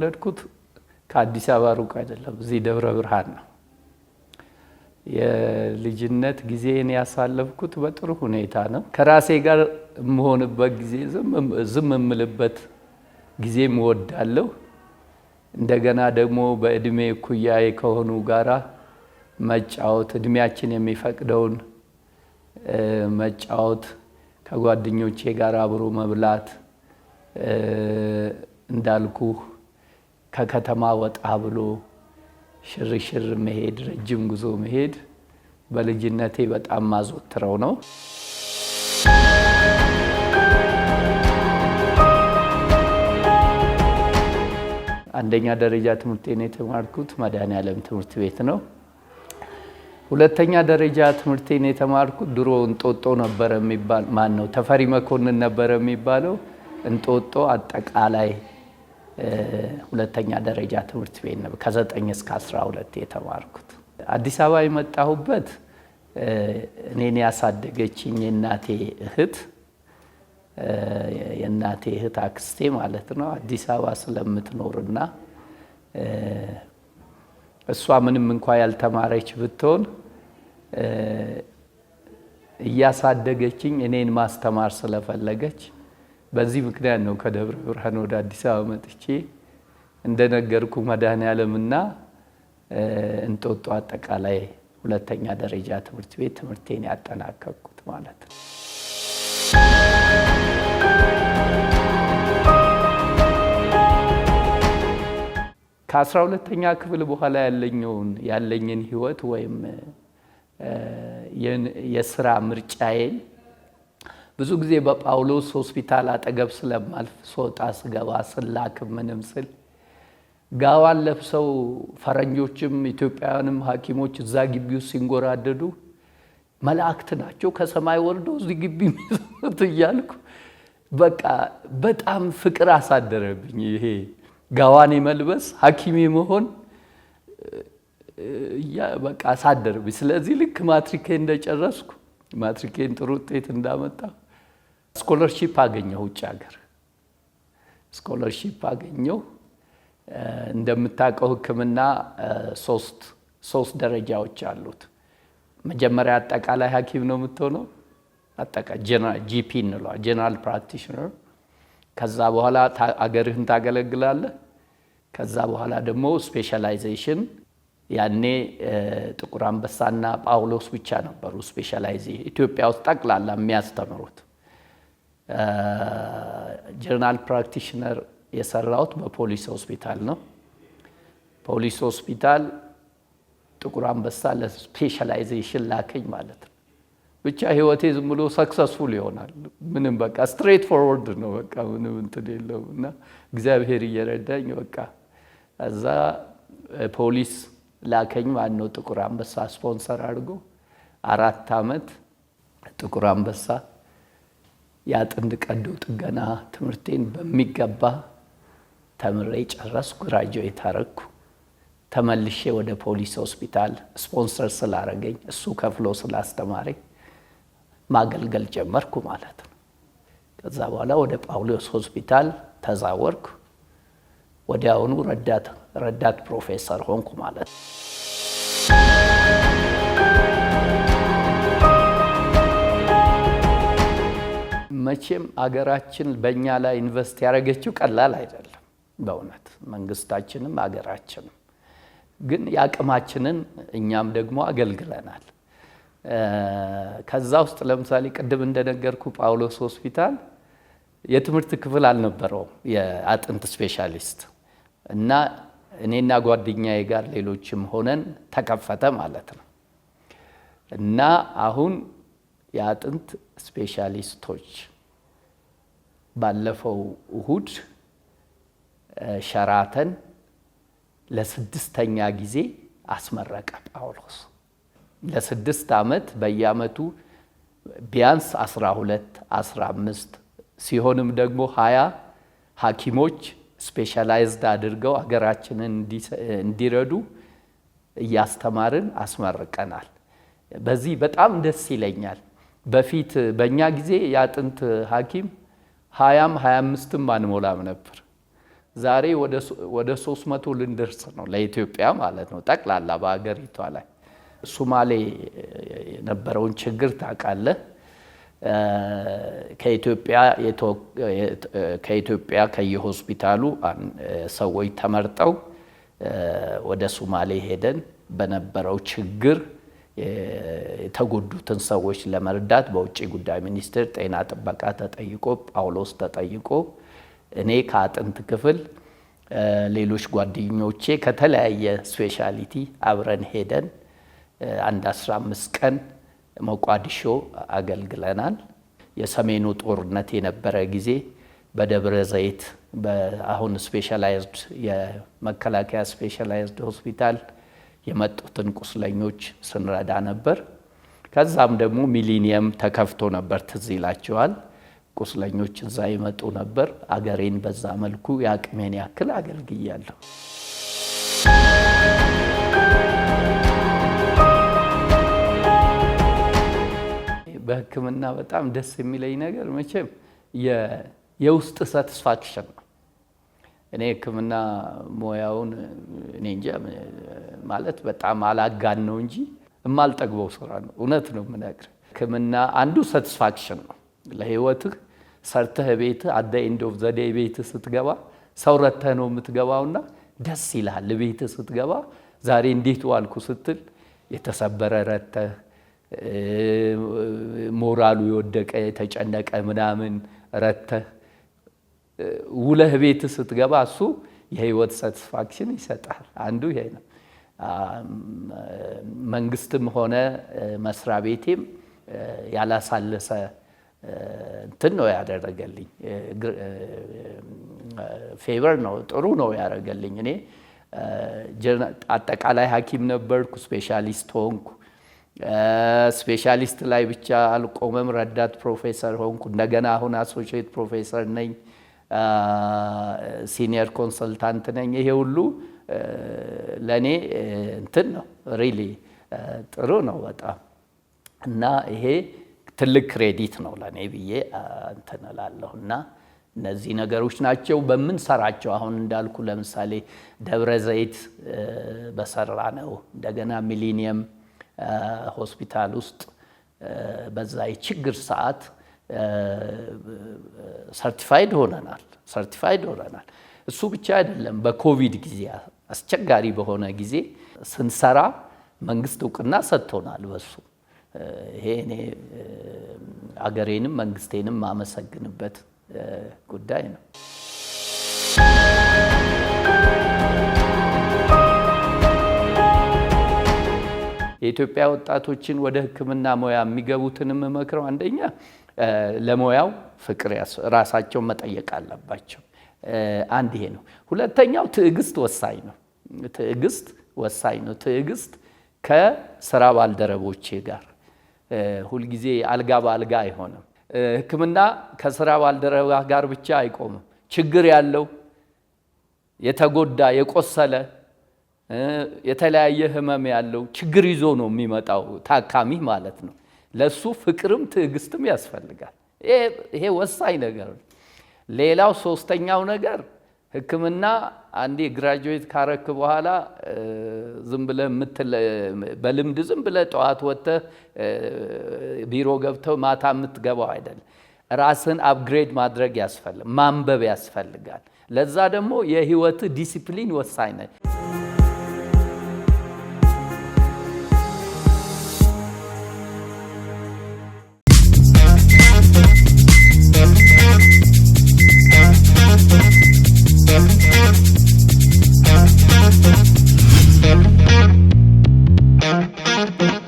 የተወለድኩት ከአዲስ አበባ ሩቅ አይደለም፣ እዚህ ደብረ ብርሃን ነው። የልጅነት ጊዜን ያሳለፍኩት በጥሩ ሁኔታ ነው። ከራሴ ጋር የምሆንበት ጊዜ፣ ዝም የምልበት ጊዜ እወዳለሁ። እንደገና ደግሞ በእድሜ እኩያዬ ከሆኑ ጋራ መጫወት፣ እድሜያችን የሚፈቅደውን መጫወት፣ ከጓደኞቼ ጋር አብሮ መብላት እንዳልኩ ከከተማ ወጣ ብሎ ሽርሽር መሄድ፣ ረጅም ጉዞ መሄድ በልጅነቴ በጣም ማዘወትረው ነው። አንደኛ ደረጃ ትምህርቴን የተማርኩት መድኃኔዓለም ትምህርት ቤት ነው። ሁለተኛ ደረጃ ትምህርቴን የተማርኩት ድሮ እንጦጦ ነበረ የሚባል ማን ነው ተፈሪ መኮንን ነበረ የሚባለው እንጦጦ አጠቃላይ ሁለተኛ ደረጃ ትምህርት ቤት ነው ከዘጠኝ እስከ አስራ ሁለት የተማርኩት። አዲስ አበባ የመጣሁበት እኔን ያሳደገችኝ የእናቴ እህት የእናቴ እህት አክስቴ ማለት ነው አዲስ አበባ ስለምትኖርና እሷ ምንም እንኳ ያልተማረች ብትሆን እያሳደገችኝ እኔን ማስተማር ስለፈለገች በዚህ ምክንያት ነው ከደብረ ብርሃን ወደ አዲስ አበባ መጥቼ እንደነገርኩ መድኃኔዓለምና እንጦጦ አጠቃላይ ሁለተኛ ደረጃ ትምህርት ቤት ትምህርቴን ያጠናቀቅኩት ማለት ነው። ከአስራ ሁለተኛ ክፍል በኋላ ያለኝውን ያለኝን ህይወት ወይም የስራ ምርጫዬን ብዙ ጊዜ በጳውሎስ ሆስፒታል አጠገብ ስለማልፍ ስወጣ ስገባ ስላክ ምንም ስል ጋዋን ለብሰው ፈረንጆችም ኢትዮጵያውያንም ሐኪሞች እዛ ግቢ ውስጥ ሲንጎራደዱ መላእክት ናቸው ከሰማይ ወርዶ እዚህ ግቢ የሚሰሩት እያልኩ በቃ በጣም ፍቅር አሳደረብኝ። ይሄ ጋዋን የመልበስ ሐኪሜ መሆን በቃ አሳደረብኝ። ስለዚህ ልክ ማትሪኬ እንደጨረስኩ ማትሪኬን ጥሩ ውጤት እንዳመጣ ስኮለርሺፕ አገኘሁ፣ ውጭ ሀገር ስኮለርሺፕ አገኘሁ። እንደምታውቀው ሕክምና ሶስት ደረጃዎች አሉት። መጀመሪያ አጠቃላይ ሐኪም ነው የምትሆነው፣ ጂፒ እንለዋል፣ ጀነራል ፕራክቲሽነር። ከዛ በኋላ አገርህን ታገለግላለህ። ከዛ በኋላ ደግሞ ስፔሻላይዜሽን ያኔ ጥቁር አንበሳና ጳውሎስ ብቻ ነበሩ ስፔሻላይዜ ኢትዮጵያ ውስጥ ጠቅላላ የሚያስተምሩት ጀነራል ፕራክቲሽነር የሰራሁት በፖሊስ ሆስፒታል ነው። ፖሊስ ሆስፒታል ጥቁር አንበሳ ለስፔሻላይዜሽን ላከኝ ማለት ነው። ብቻ ህይወቴ ዝም ብሎ ሰክሰስፉል ይሆናል። ምንም በቃ ስትሬት ፎርወርድ ነው። በቃ ምንም እንትን የለውም እና እግዚአብሔር እየረዳኝ በቃ እዛ ፖሊስ ላከኝ። ነው ጥቁር አንበሳ ስፖንሰር አድርጎ አራት አመት ጥቁር አንበሳ የአጥንት ቀዶ ጥገና ትምህርቴን በሚገባ ተምሬ ጨረስኩ። ግራጁዌት አረግኩ። ተመልሼ ወደ ፖሊስ ሆስፒታል ስፖንሰር ስላረገኝ እሱ ከፍሎ ስላስተማረኝ ማገልገል ጀመርኩ ማለት ነው። ከዛ በኋላ ወደ ጳውሎስ ሆስፒታል ተዛወርኩ። ወዲያውኑ ረዳት ፕሮፌሰር ሆንኩ ማለት ነው። መቼም አገራችን በእኛ ላይ ኢንቨስት ያደረገችው ቀላል አይደለም። በእውነት መንግስታችንም አገራችንም ግን የአቅማችንን እኛም ደግሞ አገልግለናል። ከዛ ውስጥ ለምሳሌ ቅድም እንደነገርኩ ጳውሎስ ሆስፒታል የትምህርት ክፍል አልነበረውም የአጥንት ስፔሻሊስት እና እኔና ጓደኛዬ ጋር ሌሎችም ሆነን ተከፈተ ማለት ነው እና አሁን የአጥንት ስፔሻሊስቶች ባለፈው እሁድ ሸራተን ለስድስተኛ ጊዜ አስመረቀ ጳውሎስ። ለስድስት ዓመት በየዓመቱ ቢያንስ 12 15 ሲሆንም ደግሞ ሀያ ሐኪሞች ስፔሻላይዝድ አድርገው አገራችንን እንዲረዱ እያስተማርን አስመርቀናል። በዚህ በጣም ደስ ይለኛል። በፊት በእኛ ጊዜ የአጥንት ሐኪም ሀያም ሀያ አምስትም አንሞላም ነበር። ዛሬ ወደ ሶስት መቶ ልንደርስ ነው ለኢትዮጵያ ማለት ነው ጠቅላላ በሀገሪቷ ላይ ሱማሌ የነበረውን ችግር ታውቃለህ። ከኢትዮጵያ ከየሆስፒታሉ ሰዎች ተመርጠው ወደ ሱማሌ ሄደን በነበረው ችግር የተጎዱትን ሰዎች ለመርዳት በውጭ ጉዳይ ሚኒስቴር ጤና ጥበቃ ተጠይቆ ጳውሎስ ተጠይቆ እኔ ከአጥንት ክፍል ሌሎች ጓደኞቼ ከተለያየ ስፔሻሊቲ አብረን ሄደን አንድ 15 ቀን ሞቃዲሾ አገልግለናል። የሰሜኑ ጦርነት የነበረ ጊዜ በደብረ ዘይት አሁን ስፔሻላይዝድ የመከላከያ ስፔሻላይዝድ ሆስፒታል የመጡትን ቁስለኞች ስንረዳ ነበር። ከዛም ደግሞ ሚሊኒየም ተከፍቶ ነበር፣ ትዝ ይላቸዋል። ቁስለኞች እዛ ይመጡ ነበር። አገሬን በዛ መልኩ የአቅሜን ያክል አገልግያለሁ። በሕክምና በጣም ደስ የሚለኝ ነገር መቼም የውስጥ ሳቲስፋክሽን ነው። እኔ ሕክምና ሙያውን እኔ እንጃ ማለት በጣም አላጋን ነው እንጂ የማልጠግበው ስራ ነው። እውነት ነው የምነግርህ። ሕክምና አንዱ ሳቲስፋክሽን ነው ለህይወትህ ሰርተህ ቤት አደ ኢንድ ኦፍ ዘዴ ቤት ስትገባ ሰው ረተህ ነው የምትገባውና ደስ ይልሃል። ቤት ስትገባ ዛሬ እንዴት ዋልኩ ስትል የተሰበረ ረተህ ሞራሉ የወደቀ የተጨነቀ ምናምን ረተህ ውለህ ቤት ስትገባ እሱ የህይወት ሳቲስፋክሽን ይሰጣል። አንዱ ይሄ ነው። መንግስትም ሆነ መስሪያ ቤቴም ያላሳለሰ እንትን ነው ያደረገልኝ፣ ፌቨር ነው ጥሩ ነው ያደረገልኝ። እኔ አጠቃላይ ሐኪም ነበርኩ፣ ስፔሻሊስት ሆንኩ። ስፔሻሊስት ላይ ብቻ አልቆመም፣ ረዳት ፕሮፌሰር ሆንኩ። እንደገና አሁን አሶሺየት ፕሮፌሰር ነኝ፣ ሲኒየር ኮንሰልታንት ነኝ። ይሄ ሁሉ ለእኔ እንትን ነው ሪሊ ጥሩ ነው በጣም እና ይሄ ትልቅ ክሬዲት ነው ለእኔ ብዬ እንትን እላለሁ እና እነዚህ ነገሮች ናቸው በምንሰራቸው። አሁን እንዳልኩ ለምሳሌ ደብረ ዘይት በሰራ ነው እንደገና ሚሊኒየም ሆስፒታል ውስጥ በዛ የችግር ሰዓት ሰርቲፋይድ ሆነናል ሰርቲፋይድ ሆነናል። እሱ ብቻ አይደለም በኮቪድ ጊዜ አስቸጋሪ በሆነ ጊዜ ስንሰራ መንግስት እውቅና ሰጥቶናል። በሱ ይሄ እኔ አገሬንም መንግስቴንም ማመሰግንበት ጉዳይ ነው። የኢትዮጵያ ወጣቶችን ወደ ሕክምና ሙያ የሚገቡትን የምመክረው አንደኛ ለሙያው ፍቅር ራሳቸውን መጠየቅ አለባቸው። አንድ ይሄ ነው። ሁለተኛው ትዕግስት ወሳኝ ነው። ትዕግስት ወሳኝ ነው። ትዕግስት ከስራ ባልደረቦቼ ጋር ሁልጊዜ አልጋ በአልጋ አይሆንም። ሕክምና ከስራ ባልደረባ ጋር ብቻ አይቆምም። ችግር ያለው የተጎዳ የቆሰለ የተለያየ ህመም ያለው ችግር ይዞ ነው የሚመጣው ታካሚ ማለት ነው። ለሱ ፍቅርም ትዕግስትም ያስፈልጋል። ይሄ ወሳኝ ነገር ነው። ሌላው ሶስተኛው ነገር ህክምና አንዴ ግራጁዌት ካረክ በኋላ ዝም ብለህ በልምድ ዝም ብለ ጠዋት ወጥተህ ቢሮ ገብተው ማታ የምትገባው አይደለም። ራስን አፕግሬድ ማድረግ ያስፈልግ ማንበብ ያስፈልጋል። ለዛ ደግሞ የህይወት ዲሲፕሊን ወሳኝ ነች።